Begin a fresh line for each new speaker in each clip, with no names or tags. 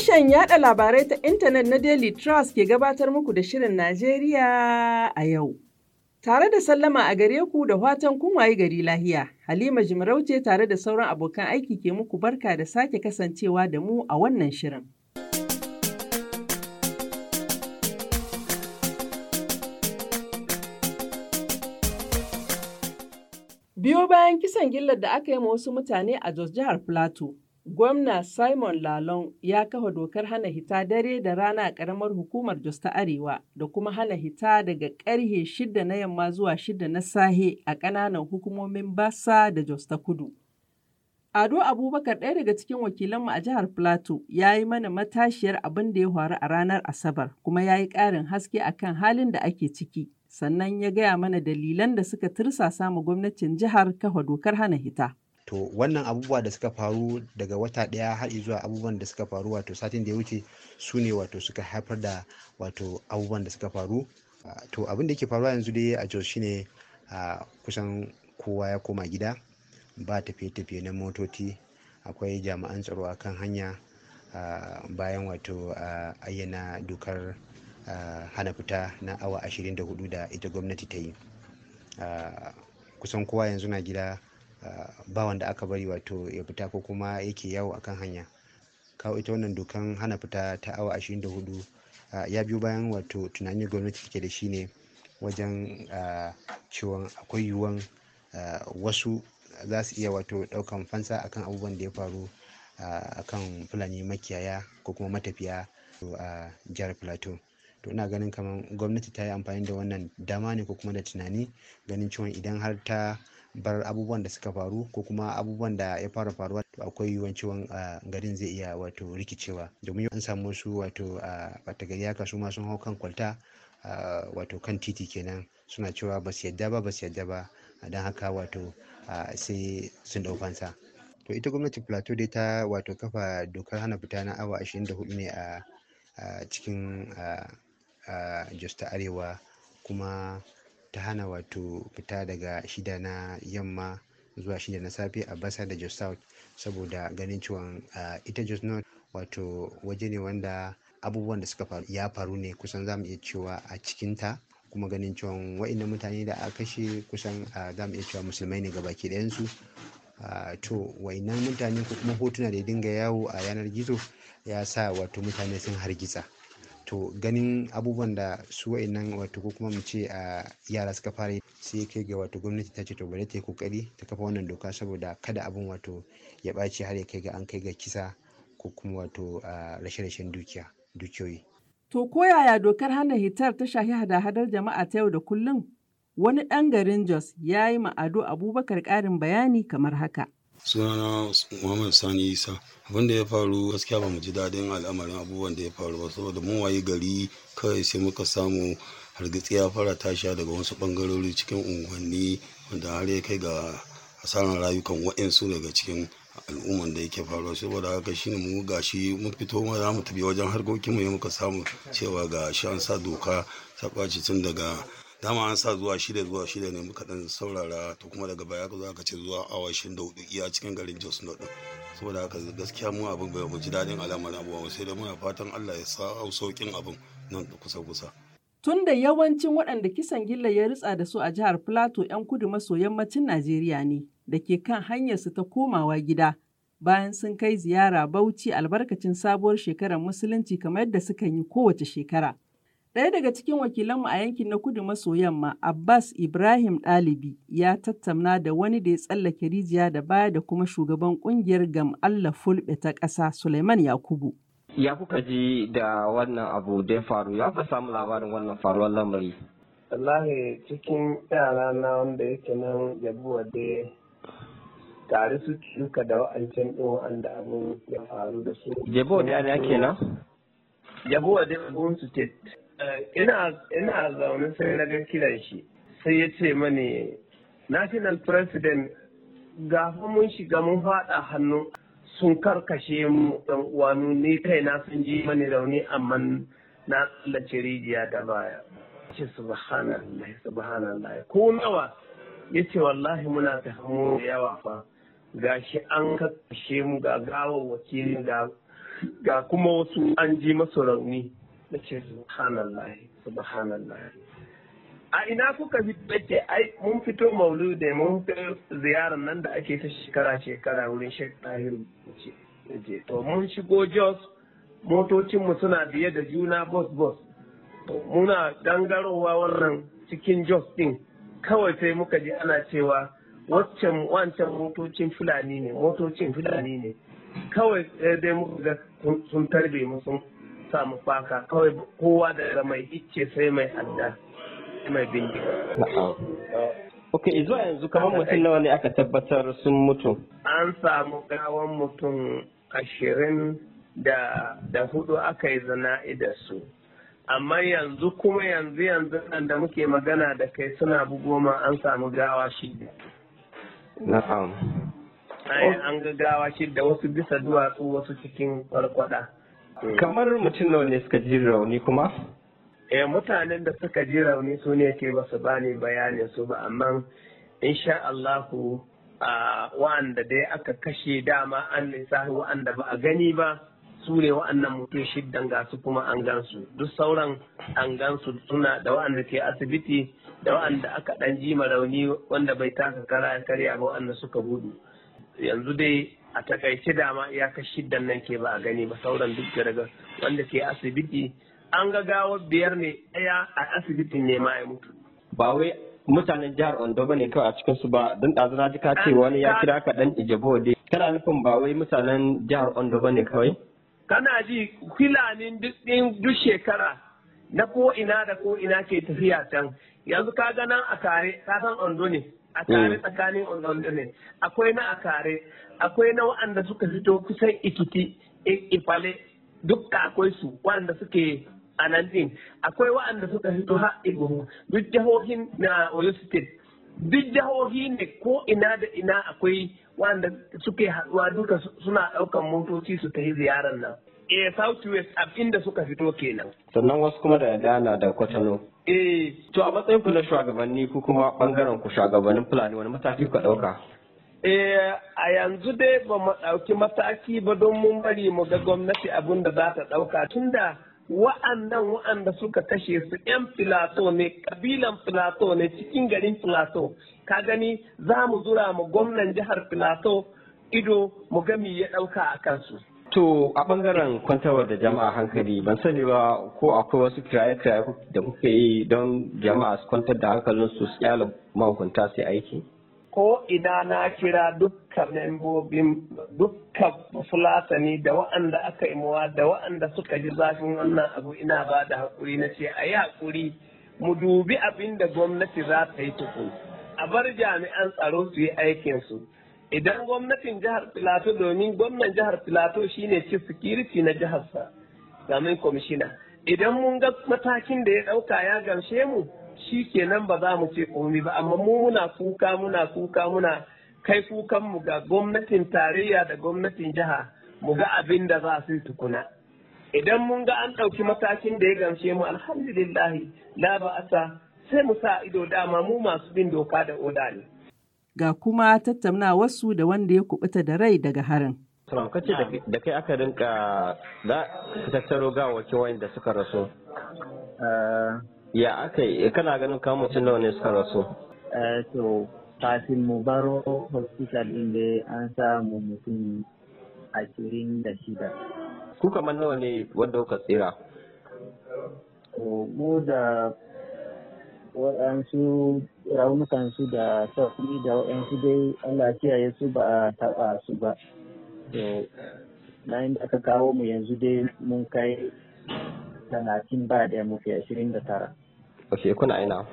Sashen yada labarai ta intanet na Daily Trust ke gabatar muku da Shirin Najeriya a yau. Tare da sallama a gare ku da watan kunwaye gari lahiya, Halima Jimarauce tare da sauran abokan aiki ke muku barka da sake kasancewa da mu a wannan shirin. Biyo bayan kisan gillar da aka yi ma wasu mutane a Jos Jihar Plateau. Gwamna Simon Lalong ya kafa dokar hana hita dare da rana a ƙaramar hukumar Jos ta Arewa da kuma hana hita daga ƙarhe shida na yamma zuwa shida na sahe a ƙananan hukumomin Basa da Jos ta Kudu. Ado Abubakar ɗaya daga cikin wakilanmu a jihar Plateau ya yi mana matashiyar abin da ya faru a ranar Asabar kuma ya yi ƙarin haske a kan halin da ake ciki. Sannan ya gaya mana dalilan da suka tursasa ma gwamnatin jihar kafa dokar hana hita.
to wannan abubuwa da suka faru daga wata ɗaya har zuwa abubuwan da suka faru wato satin da ya wuce su ne wato suka haifar da wato abubuwan da suka faru ah, to abin da ke faruwa yanzu dai a jos shine ah, kusan kowa ya koma gida ba tafiye-tafiye na motoci akwai jami'an tsaro a kan hanya ah, bayan wato ayyana dokar hana fita na awa 24 da ita gwamnati ta yi kusan kowa yanzu na gida Uh, ba wanda aka bari wato ya fita ko kuma yake yawo akan hanya kawo ita wannan dokan hana fita ta awa 24 uh, ya biyo bayan wato tunanin gwamnati take da shi ne wajen uh, cewa akwai yiwuwan wasu za su iya wato daukan fansa akan abubuwan da ya faru akan fulani makiyaya ko kuma matafiya a jihar plateau to ina ganin kamar gwamnati ta yi amfani da wannan dama ne ko kuma da tunani ganin cewa idan har ta bar abubuwan da suka faru ko kuma abubuwan da ya fara faruwa to akwai yiwuwan ciwon ah, garin zai iya wato rikicewa domin an samu su wato ah, a gari haka su ma sun hau kan kwalta ah, wato kan titi kenan suna cewa ba su yadda ba ba su yadda ba don haka wato sai sun dau fansa to ita gwamnati plateau dai ta wato kafa dokar hana fita na awa 24 ne a cikin jos ta arewa kuma ta hana wato fita daga shida na yamma zuwa shida na safe a basa da jos south saboda ganin cewa ita jos north wato waje ne wanda abubuwan da suka faru ya faru ne kusan za mu iya cewa a cikinta kuma ganin cewa wa'in mutane da aka kashe kusan za mu iya cewa musulmai ne baki ɗayansu to wa'in mutane ko kuma hotuna da ya dinga yawo a yanar gizo ya sa wato mutane sun hargitsa wato ganin abubuwan da su wa'annan wato ko kuma mu ce a yara suka fara sai ya kai ga wato gwamnati ta ce to bari ta yi kokari ta kafa wannan doka saboda kada abin wato ya ɓaci har ya kai ga an kai ga kisa ko kuma wato rashe-rashen dukiya dukiyoyi.
To ko yaya dokar hana hitar ta shahi hada-hadar jama'a ta yau da kullum? Wani ɗan garin Jos ya yi ma'ado Abubakar ƙarin bayani kamar haka.
sunana muhammad sani isa abin da ya faru gaskiya ba mu ji daɗin al'amarin abubuwan da ya faru ba saboda mun waye gari kawai sai muka samu hargitsi ya fara tasha daga wasu ɓangarori cikin unguwanni wanda har ya kai ga asarar rayukan waɗansu daga cikin al'umman da yake faruwa saboda haka shine mu gashi mun fito ma za mu tafi wajen harkokin mu muka samu cewa ga shi an sa doka ta ɓaci tun daga dama an sa zuwa shida zuwa shida ne muka dan saurara to kuma daga baya ka zo aka ce zuwa awa shirin da hudu iya cikin garin jos na saboda haka gaskiya mu abin bai mu ji dadin alamar abubuwa sai da muna fatan allah ya sa au sauƙin abin nan kusa kusa.
tun da yawancin waɗanda kisan gilla ya ritsa da su a jihar plateau 'yan kudu maso yammacin najeriya ne da ke kan hanyarsu ta komawa gida bayan sun kai ziyara bauchi albarkacin sabuwar shekarar musulunci kamar yadda sukan yi kowace shekara. Ɗaya daga cikin wakilanmu a yankin na kudu maso yamma, Abbas Ibrahim Ɗalibi, ya tattauna da wani da ya tsallake rijiya da baya da kuma shugaban ƙungiyar Gam Allah Fulɓe ta ƙasa Suleiman Yakubu.
Ya kuka ji da wannan abu da ya faru, ya fi samu labarin wannan faruwar lamari.
Wallahi cikin yara na wanda yake nan yabuwa da tare su duka da wa'ancan ɗin wa'anda abu ya faru da su. Jebo da ya kenan? Yabuwa da su state. ina zaune sai na ga kiran shi sai ya ce mani national president gafa mun shiga mun fada hannu sun karkashe mu dan uwanu ni kai na sun ji mani rauni amma na tsallace rijiya da baya ce subhanallah subhanallah ko nawa yace wallahi muna ta hamu yawa fa gashi an karkashe mu ga gawa wakili ga kuma wasu an ji masu rauni na subhanallah subhanallah a ina kuka fito ai mun fito maulude mun fito ziyarar nan da ake ta shekara shekara wurin shek tahir ce to mun shigo jos motocinmu suna biye da juna bos bos muna gangarowa wannan cikin jos din kawai sai muka ji ana cewa waccan wancan motocin fulani ne motocin fulani ne kawai sai dai muka ga sun tarbe mu sun sa mu faka kawai kowa daga mai icce sai mai adda mai bindiga.
Ok, zuwa yanzu kamar mutum nawa ne aka tabbatar sun mutu?
An samu gawan mutum ashirin da, hudu aka yi zana'i da su. Amma yanzu kuma yanzu yanzu nan da muke magana da kai suna goma an samu gawa shida. Na'am. An ga gawa shida wasu bisa duwatsu wasu cikin kwarkwada.
kamar mutum nawa ne suka ji rauni kuma
eh mutanen da suka ji rauni su ne ke ba su bayanin su ba amma insha Allahu wa'anda dai aka kashe dama an lissafi wa'anda ba a gani ba su ne wa'annan mutum shiddan ga kuma an gansu duk sauran an gansu suna da wa'anda ke asibiti da wa'anda aka dan ji rauni wanda bai taka kara karya ba wa'anda suka gudu yanzu dai a takaice dama iyakar shiddan nan ke ba a gani ba sauran duk daga wanda ke asibiti an ga gawa biyar ne ɗaya a asibitin ne ma ya mutu
ba wai mutanen jihar Ondo bane kawai a cikinsu ba don ɗazuna ji ka ce wani ya kira ka
dan Ijebo
dai kana nufin ba wai mutanen jihar Ondo bane kawai
kana ji filanin duk shekara na ko ina da ko ina ke tafiya can yanzu ka ga nan a tare ka Ondo ne a mm. tsakanin Ondo akwai na akare akwai na waɗanda suka fito kusan ikiti ifale duk akwai su waɗanda suke a nan din akwai waɗanda suka fito har iguru duk jihohin na Oyo State duk jihohi ne ko ina da ina akwai waɗanda suke haɗuwa duka suna ɗaukan motoci su ta yi ziyarar nan. eh south west inda suka fito kenan
sannan wasu kuma da ghana da kwatano
eh to a matsayin
ku na shugabanni ku kuma bangaren ku shugabannin fulani wani mataki ku dauka
Eh, a yanzu dai ba mu ɗauki mataki ba don mun bari mu ga gwamnati abin da za ta ɗauka tunda wa'annan wa'anda suka kashe su 'yan filato ne kabilan filato ne cikin garin filato ka gani za mu zura mu gwamnan jihar filato ido mu ga ya ɗauka a kansu
To a bangaren kwantarwar da jama'a hankali ban sani ba ko akwai wasu kiraye-kiraye da kuke yi don jama'a su kwantar da hankalin su kyala mahukunta sai aiki?
Ko ina na kira dukkan membobin dukkan fulatani da wa'anda aka yi muwa da wa'anda suka ji zafin wannan abu ina ba da haƙuri na ce a yi haƙuri mu dubi abin da gwamnati za ta yi tukun a bar jami'an tsaro su yi aikinsu. idan gwamnatin jihar Filato domin gwamnan jihar Filato shine chief security na jiharsa samun kwamishina idan mun ga matakin da ya ɗauka ya gamshe mu shi kenan ba za mu ce komi ba amma mu muna kuka muna kuka muna kai kukan mu ga gwamnatin tarayya da gwamnatin jiha mu ga abin da za su tukuna idan mun ga an ɗauki matakin da ya gamshe mu alhamdulillahi la ba'asa sai mu sa ido dama mu masu bin doka da oda ne
ga kuma wasu da wanda ya kubuta da rai daga harin.
kace da kai aka rinka da
tattaro ga gawaki wanda suka rasu.
Eh.
Ya aka yi kana ganin kamun mutum nawa ne suka rasu?
Eh, to kafin mu baro hospital inda an samu mutum ashirin da shida.
Ku kamar nawa ne wanda kuka tsira?
Mu da waɗansu raunukan su da sauƙi da waɗansu dai Allah kiyaye su ba a taɓa su ba. To, na da aka kawo mu yanzu dai mun kai talatin ba ɗaya fi ashirin da tara.
Ok, kuna aina?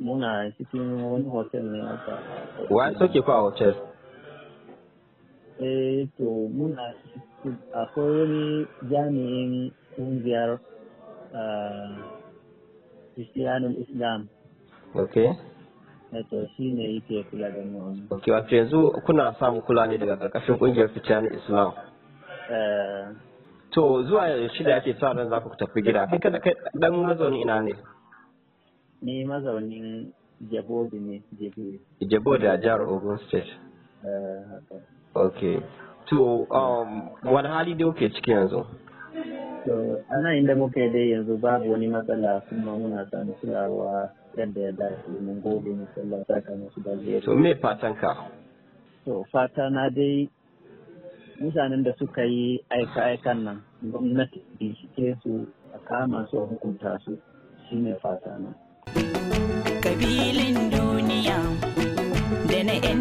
Muna cikin wani hotel ne Wa Wani
soke ku a hotel?
Eh, to muna akwai wani jami'in ƙungiyar Kristiyanin ah, Islam. okay wato shi ne yake kula
yanzu kuna samun kula ne daga karkashin kungiyar fitilan islam to eh. zuwa yaushe ake sa ran za ku tafi gida kai kada kai dan mazaunin ina ne
ni mazaunin Jabodi ne Jabodi
Jabodi a jihar
Ogun state eh, okay to um wani hali da kuke ciki yanzu To, ana inda muke dai yanzu babu wani matsala kuma muna samun kulawa yadda ya dace mun gode mu sallah saka musu da zai. To me
fatan ka?
To fata na dai mutanen da suka yi aika-aikan nan gwamnati bincike su a kama su a hukunta su shine fata na.
Kabilin duniya da na 'yan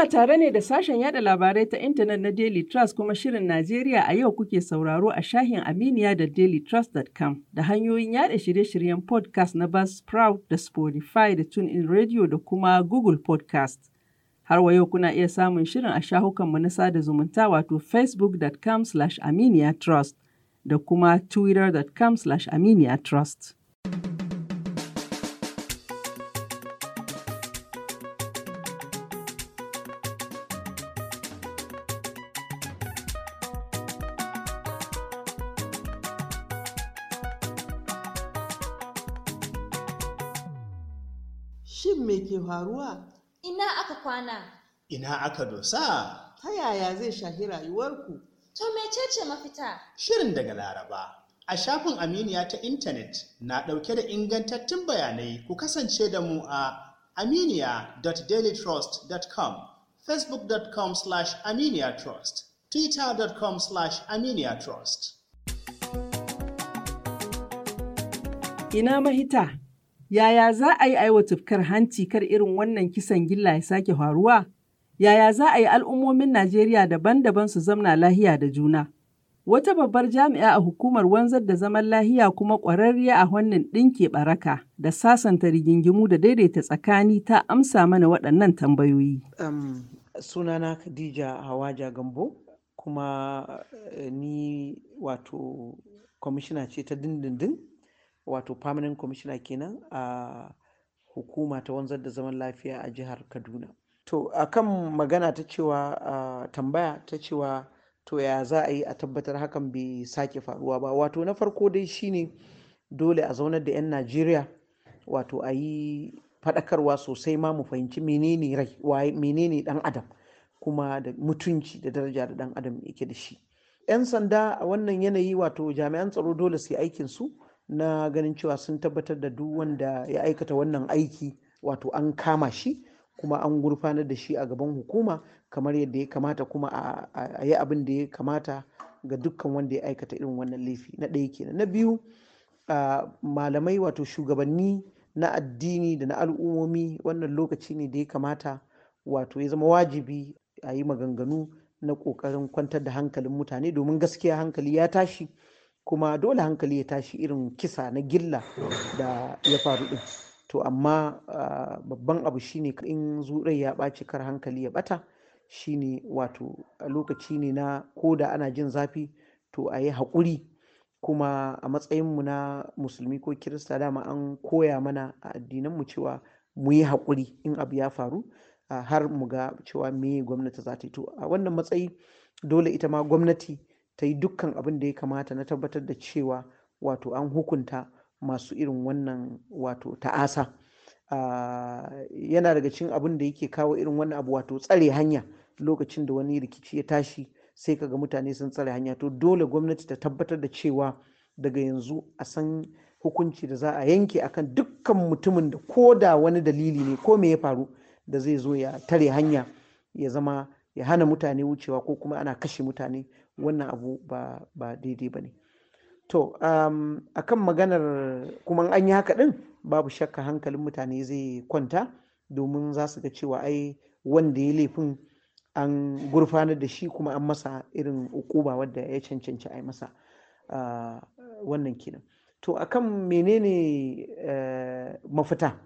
Muna tare ne da sashen yada labarai ta intanet na Daily Trust kuma Shirin Najeriya a yau kuke sauraro a shahin Aminiya da dailytrust.com da hanyoyin yada shirye-shiryen podcast na Buzzsprout da Spotify da TuneIn Radio da kuma Google Podcast. Har wa yau kuna iya samun shirin a shahukanmu na sada zumunta wato facebookcom aminiatrust da kuma twittercom aminiatrust. trust Shin me ke faruwa?
Ina aka kwana? Ina aka dosa?
Ta yaya zai shafi rayuwarku? To mecece mafita?
Shirin daga Laraba. A shafin Aminiya ta intanet na ɗauke da ingantattun bayanai ku kasance da mu a aminiya.dailytrust.com, facebook.com slash aminiyatrust, twitter.com slash aminiyatrust.
Ina mahita? Yaya za a yi aiwa tufkar hanci kar irin wannan kisan gilla ya sake faruwa? Yaya za a yi al'ummomin Najeriya daban-daban su zamna lahiya da juna? Wata babbar jami'a a hukumar wanzar da zaman lahiya kuma ƙwararriya a wannan ɗinke ɓaraka da sasanta rigingimu da daidaita tsakani ta amsa mana waɗannan tambayoyi.
Um, sunana Khadija Hawaja Gambo kuma eh, ni wato kwamishina ce ta dindindin wato permanent commissioner kenan a hukuma ta wanzar da zaman lafiya a jihar kaduna to a kan magana ta cewa tambaya ta cewa to ya za a yi a tabbatar hakan bai sake faruwa ba wato na farko dai shine dole a zaunar da 'yan najeriya wato a yi faɗakarwa sosai ma mu fahimci menene rai menene dan adam kuma da mutunci da daraja da dan adam yake da shi 'yan sanda a wannan yanayi wato jami'an tsaro dole su yi aikinsu na ganin cewa sun tabbatar da duk wanda ya aikata wannan aiki wato an kama shi kuma an gurfanar da shi a gaban hukuma kamar yadda ya kamata kuma a yi abin da ya kamata ga dukkan wanda ya aikata irin wannan laifi na ɗaya kenan na biyu malamai wato shugabanni na addini da na al'ummomi wannan lokaci ne da ya kamata wato ya zama wajibi a yi maganganu na kokarin kwantar da hankalin mutane domin gaskiya hankali ya tashi kuma dole hankali ya tashi irin kisa na gilla da ya faru din to amma ah, babban abu shine in zurai ya ɓaci kar hankali ya ɓata shine wato lokaci ne na da ana jin zafi to a yi haƙuri kuma a matsayin mu na musulmi ko kirista dama an koya mana a mu cewa mu yi haƙuri in abu ya faru ah, har mu ga cewa me gwamnati za ta yi to a wannan matsayi dole ita ma gwamnati ta yi dukkan abin da ya kamata na tabbatar da cewa wato an hukunta masu irin wannan wato ta'asa ah, yana daga cikin abin da yake kawo irin wannan abu wato tsare hanya lokacin da wani rikici ya tashi sai kaga mutane sun tsare hanya to dole gwamnati ta tabbatar da cewa daga yanzu a san hukunci da za a yanke akan dukkan mutumin da ko da wani dalili ne ko me ya faru da zai zo ya tare hanya ya zama ya hana mutane wucewa ko kuma ana kashe mutane wannan abu ba ba daidai ba ne to um, kan maganar kuma an yi haka din babu shakka hankalin mutane zai kwanta domin za su ga cewa ai wanda ya laifin an gurfanar da shi kuma an masa irin ukuba wadda ya cancanci a masa uh, wannan kenan to a kan menene uh, mafita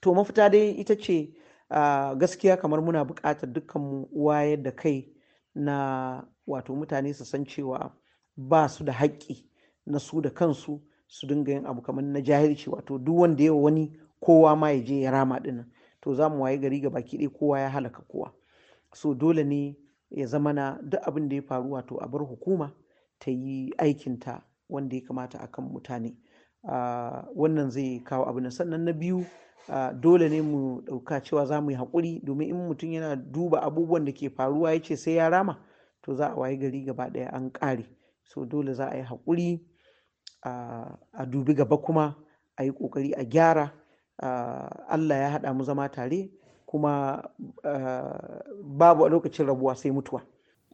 to mafita dai ita ce uh, gaskiya kamar muna buƙatar dukkanmu wayar da kai na wato mutane su san cewa ba su da haƙƙi na su da kansu su dinga yin abu kamar na jahilci wato duk wanda yawa wani kowa ma ya je ya rama dinnan to za mu waye gari gaba ɗaya kowa ya halaka kowa so dole ne ya zama na duk abin da ya faru wato a bar hukuma ta yi aikinta wanda ya kamata akan mutane ah, wannan zai kawo abu na sannan na biyu ah, dole ne mu ɗauka cewa za mu yi haƙuri domin in mutum yana duba abubuwan da ke faruwa ya ce sai ya rama to za a wayi gari gaba ɗaya an ƙare so dole za a yi haƙuri a dubi gaba kuma a yi ƙoƙari a gyara allah ya haɗa mu zama tare kuma babu a lokacin rabuwa sai mutuwa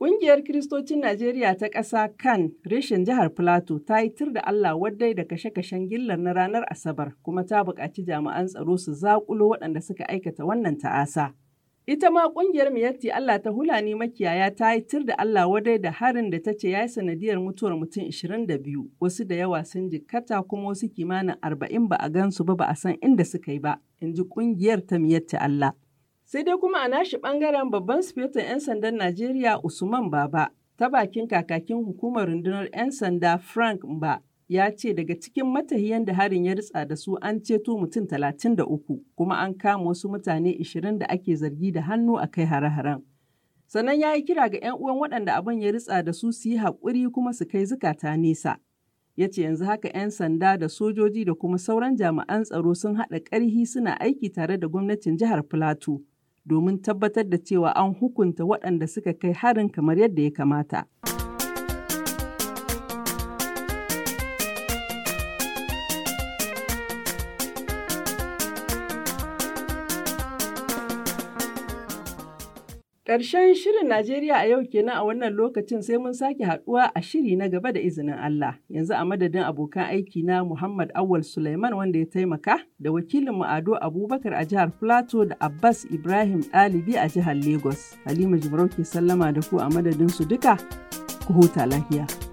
Ƙungiyar Kiristocin Najeriya ta ƙasa kan reshen jihar Filato ta yi tir da Allah waddai da kashe-kashen gillar na ranar Asabar kuma ta buƙaci jami'an tsaro su zaƙulo waɗanda suka aikata wannan ta'asa. Ita ma ƙungiyar Miyatti Allah ta Hulani makiyaya ta yi tir da Allah wadai da harin da ta ce ya yi sanadiyar mutuwar mutum 22, wasu da yawa sun jikkata kuma wasu kimanin arba'in ba a gansu ba ba a san inda suka yi ba, in ji ƙungiyar ta Miyatti Allah. Sai dai kuma a nashi ɓangaren babban sufetan 'yan sandan Najeriya Usman Baba ta bakin kakakin hukumar rundunar 'yan sanda Frank Mba ya ce daga cikin matahiyan da harin ya ritsa da su an ceto mutum 33 kuma an kama wasu mutane 20 da ake zargi da hannu a kai hare-haren. Sannan ya yi kira ga 'yan uwan waɗanda abin ya ritsa da su su yi haƙuri kuma su kai zukata nesa. Ya ce yanzu haka 'yan sanda da sojoji da kuma sauran jami'an tsaro sun haɗa ƙarhi suna aiki tare da gwamnatin jihar Filato domin tabbatar da cewa an hukunta waɗanda suka kai harin kamar yadda ya kamata. Ƙarshen shirin Najeriya a yau kenan a wannan lokacin sai mun sake haɗuwa a shiri na gaba da izinin Allah. Yanzu a madadin abokan aiki na Muhammad Awal Suleiman wanda ya taimaka da wakilin mu Ado Abubakar a jihar Plateau da Abbas Ibrahim Ɗalibi a jihar Lagos. Halima Jimarau ke sallama da ku a madadin su duka. Ku huta lafiya.